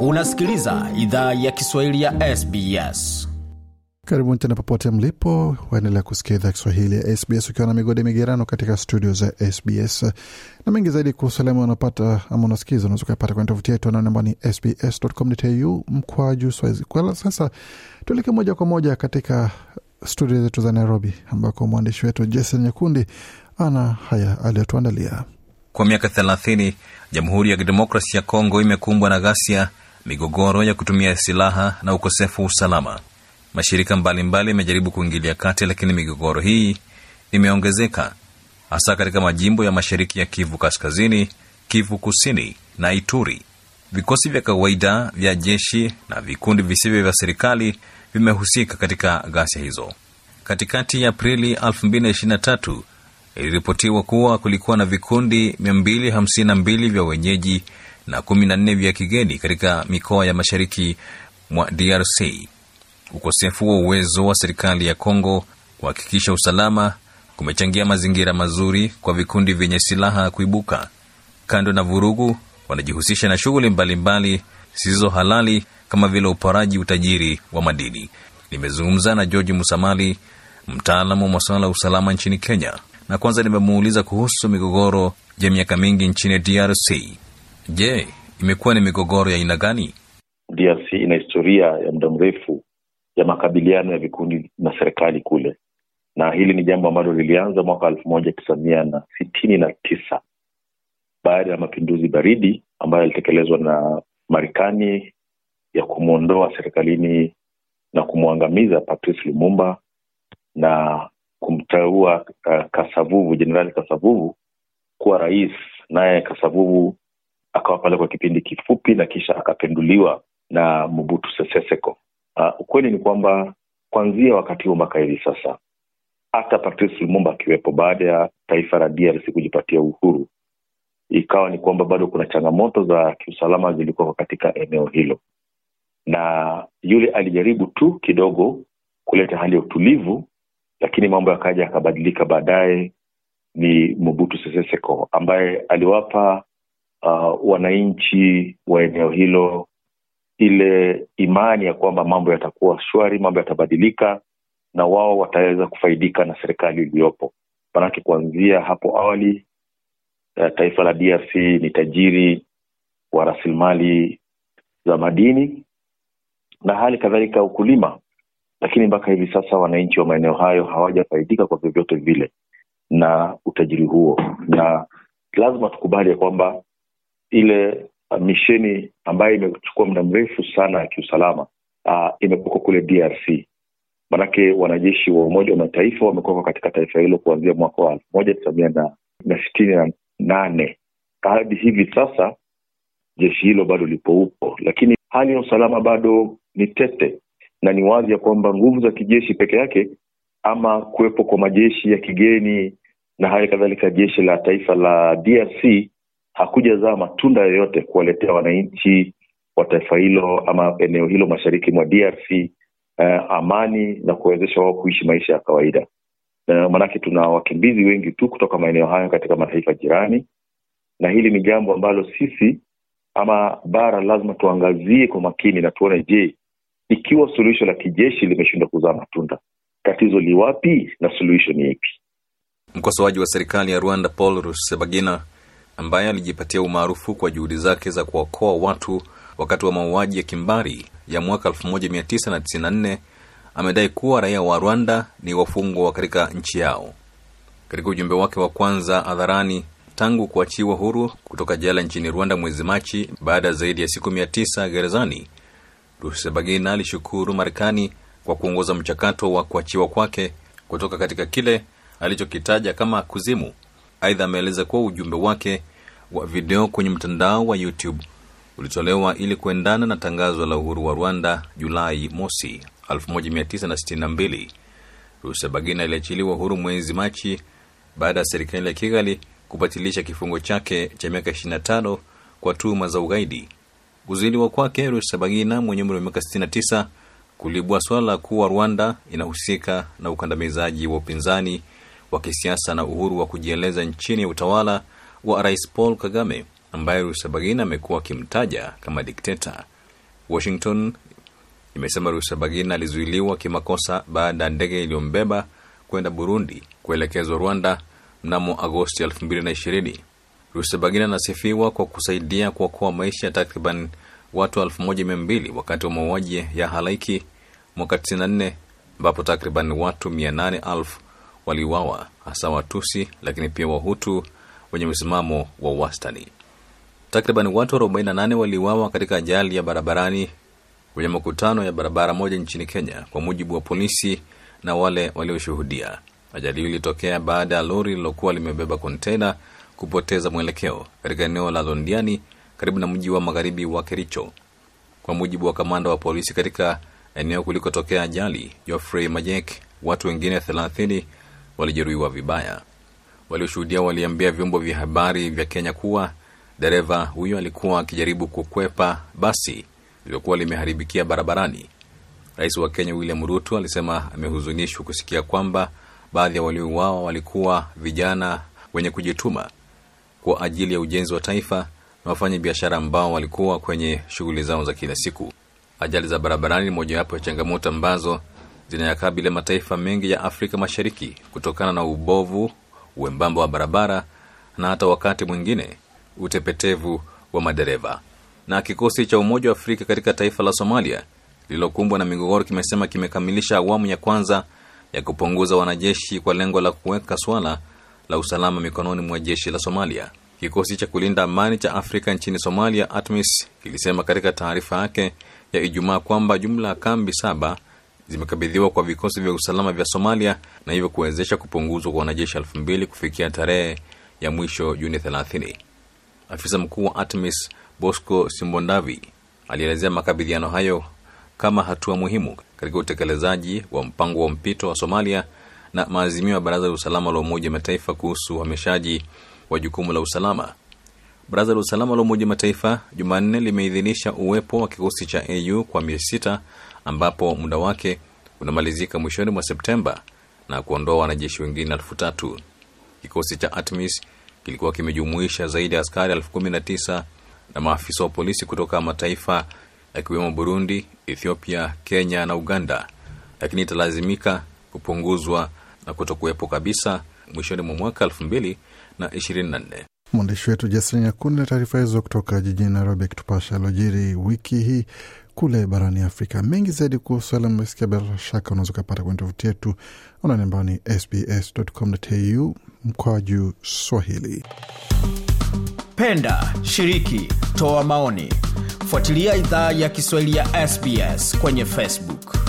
Unasikiliza idhaa ya Kiswahili ya SBS. Karibuni tena popote mlipo, waendelea kusikia idhaa Kiswahili ya SBS ukiwa na migode migerano katika studio za SBS na mengi zaidi kuhusu unapata ama unasikiza, unaweza ukapata kwenye tovuti yetu anaone ambao ni mkwa juu swahizi Kwa sasa tuelekee moja kwa moja katika studio zetu za Nairobi ambako mwandishi wetu Jason nyekundi ana haya aliyotuandalia. Kwa miaka thelathini Jamhuri ya Kidemokrasi ya Kongo imekumbwa na ghasia migogoro ya kutumia silaha na ukosefu wa usalama. Mashirika mbalimbali yamejaribu mbali kuingilia kati, lakini migogoro hii imeongezeka hasa katika majimbo ya mashariki ya Kivu Kaskazini, Kivu Kusini na Ituri. Vikosi vya kawaida vya jeshi na vikundi visivyo vya serikali vimehusika katika ghasia hizo. Katikati ya Aprili 2023 iliripotiwa kuwa kulikuwa na vikundi 252 vya wenyeji na kumi na nne vya kigeni katika mikoa ya mashariki mwa DRC. Ukosefu wa uwezo wa serikali ya Kongo kuhakikisha usalama kumechangia mazingira mazuri kwa vikundi vyenye silaha kuibuka. Kando na vurugu, wanajihusisha na shughuli mbalimbali zisizo halali kama vile uporaji, utajiri wa madini. Nimezungumza na George Musamali, mtaalamu wa masuala ya usalama nchini Kenya, na kwanza nimemuuliza kuhusu migogoro ya miaka mingi nchini DRC. Je, imekuwa ni migogoro ya aina gani? DRC ina historia ya muda mrefu ya makabiliano ya vikundi na serikali kule, na hili ni jambo ambalo lilianza mwaka elfu moja tisa mia na sitini na tisa baada ya mapinduzi baridi ambayo yalitekelezwa na Marekani ya kumwondoa serikalini na kumwangamiza Patrice Lumumba na kumteua uh, Kasavuvu, Jenerali Kasavuvu kuwa rais, naye Kasavuvu akawa pale kwa kipindi kifupi na kisha akapenduliwa na Mobutu Sese Seko. Uh, ah, ukweli ni kwamba kuanzia wakati huo mpaka hivi sasa, hata Patrice Lumumba akiwepo, baada ya taifa la DRC kujipatia uhuru, ikawa ni kwamba bado kuna changamoto za kiusalama zilikuwa katika eneo hilo, na yule alijaribu tu kidogo kuleta hali ya utulivu, lakini mambo yakaja yakabadilika. Baadaye ni Mobutu Sese Seko ambaye aliwapa uh, wananchi wa eneo hilo ile imani ya kwamba mambo yatakuwa shwari, mambo yatabadilika na wao wataweza kufaidika na serikali iliyopo. Maanake kuanzia hapo awali uh, taifa la DRC ni tajiri wa rasilimali za madini na hali kadhalika ukulima, lakini mpaka hivi sasa wananchi wa maeneo hayo hawajafaidika kwa vyovyote vile na utajiri huo, na lazima tukubali ya kwamba ile uh, misheni ambayo imechukua muda mrefu sana ya kiusalama uh, imekuwekwa kule DRC. Maanake wanajeshi wa Umoja wa Mataifa wamekuwekwa katika taifa hilo kuanzia mwaka wa elfu moja tisa mia na, na sitini na nane hadi hivi sasa jeshi hilo bado lipo upo, lakini hali ya usalama bado ni tete, na ni wazi ya kwamba nguvu za kijeshi peke yake ama kuwepo kwa majeshi ya kigeni na hali kadhalika jeshi la taifa la DRC hakujazaa matunda yoyote kuwaletea wananchi wa taifa hilo ama eneo hilo mashariki mwa DRC eh, amani na kuwawezesha wao kuishi maisha ya kawaida eh, maanake tuna wakimbizi wengi tu kutoka maeneo hayo katika mataifa jirani, na hili ni jambo ambalo sisi ama bara lazima tuangazie kwa makini na tuone, je, ikiwa suluhisho la kijeshi limeshindwa kuzaa matunda, tatizo liwapi na suluhisho ni ipi? Mkosoaji wa serikali ya Rwanda Paul Rusesabagina ambaye alijipatia umaarufu kwa juhudi zake za kuwaokoa watu wakati wa mauaji ya kimbari ya mwaka 1994 amedai kuwa raia wa Rwanda ni wafungwa katika nchi yao. Katika ujumbe wake wa kwanza hadharani tangu kuachiwa huru kutoka jela nchini Rwanda mwezi Machi baada ya zaidi ya siku 9 gerezani, rusebagina alishukuru Marekani kwa kuongoza mchakato wa kuachiwa kwake kutoka katika kile alichokitaja kama kuzimu. Aidha, ameeleza kuwa ujumbe wake wa video kwenye mtandao wa YouTube ulitolewa ili kuendana na tangazo la uhuru wa Rwanda Julai mosi 1962. Rusabagina aliachiliwa uhuru mwezi Machi baada ya serikali ya Kigali kubatilisha kifungo chake cha miaka 25 kwa tuhuma za ugaidi. Kuziliwa kwake Rusabagina mwenye umri wa miaka 69 kulibua swala kuwa Rwanda inahusika na ukandamizaji wa upinzani wa kisiasa na uhuru wa kujieleza nchini utawala wa Rais Paul Kagame ambaye Rusabagina amekuwa akimtaja kama dikteta. Washington imesema Rusabagina alizuiliwa kimakosa baada ya ndege iliyombeba kwenda Burundi kuelekezwa Rwanda mnamo Agosti 220 Rusabagina anasifiwa kwa kusaidia kuokoa maisha ya takriban watu 12 wakati wa mauaji ya halaiki mwaka 94 ambapo takriban watu 8 waliuawa hasa Watusi, lakini pia Wahutu wenye msimamo wa wastani. Takriban watu 48 waliuawa katika ajali ya barabarani kwenye makutano ya barabara moja nchini Kenya, kwa mujibu wa polisi na wale walioshuhudia. Ajali hiyo ilitokea baada ya lori lilokuwa limebeba konteina kupoteza mwelekeo katika eneo la Londiani karibu na mji wa magharibi wa Kericho. Kwa mujibu wa kamanda wa polisi katika eneo kulikotokea ajali, Geoffrey Majek, watu wengine 30 walijeruhiwa vibaya. Walioshuhudia waliambia vyombo vya habari vya Kenya kuwa dereva huyo alikuwa akijaribu kukwepa basi lililokuwa limeharibikia barabarani. Rais wa Kenya William Ruto alisema amehuzunishwa kusikia kwamba baadhi ya waliouawa walikuwa vijana wenye kujituma kwa ajili ya ujenzi wa taifa na wafanya biashara ambao walikuwa kwenye shughuli zao za kila siku. Ajali za barabarani ni mojawapo ya changamoto ambazo zinayakabili mataifa mengi ya Afrika Mashariki kutokana na ubovu uembamba wa barabara na hata wakati mwingine utepetevu wa madereva. Na kikosi cha Umoja wa Afrika katika taifa la Somalia lililokumbwa na migogoro kimesema kimekamilisha awamu ya kwanza ya kupunguza wanajeshi kwa lengo la kuweka swala la usalama mikononi mwa jeshi la Somalia. Kikosi cha kulinda amani cha Afrika nchini Somalia, ATMIS, kilisema katika taarifa yake ya Ijumaa kwamba jumla ya kambi saba zimekabidhiwa kwa vikosi vya usalama vya Somalia na hivyo kuwezesha kupunguzwa kwa wanajeshi elfu mbili kufikia tarehe ya mwisho Juni 30. Afisa mkuu wa ATMIS Bosco Simbondavi alielezea makabidhiano hayo kama hatua muhimu katika utekelezaji wa mpango wa mpito wa Somalia na maazimio ya Baraza la Usalama la Umoja Mataifa kuhusu uhamishaji wa jukumu la usalama. Baraza la Usalama la Umoja Mataifa Jumanne limeidhinisha uwepo wa kikosi cha AU kwa miezi sita ambapo muda wake unamalizika mwishoni mwa Septemba na kuondoa wanajeshi wengine elfu tatu. Kikosi cha ATMIS kilikuwa kimejumuisha zaidi ya askari elfu kumi na tisa na maafisa wa polisi kutoka mataifa yakiwemo Burundi, Ethiopia, Kenya na Uganda, lakini italazimika kupunguzwa na kutokuwepo kabisa mwishoni mwa mwaka elfu mbili na ishirini na nne. Mwandishi wetu Jasrin Yakuni na taarifa hizo kutoka jijini Nairobi akitupasha alojiri wiki hii kule barani Afrika. Mengi zaidi kuhusu yale mmesikia, bila shaka unaweza ukapata kwenye tovuti yetu anwani ambayo ni sbs.com.au mkoa juu Swahili. Penda, shiriki, toa maoni, fuatilia idhaa ya Kiswahili ya SBS kwenye Facebook.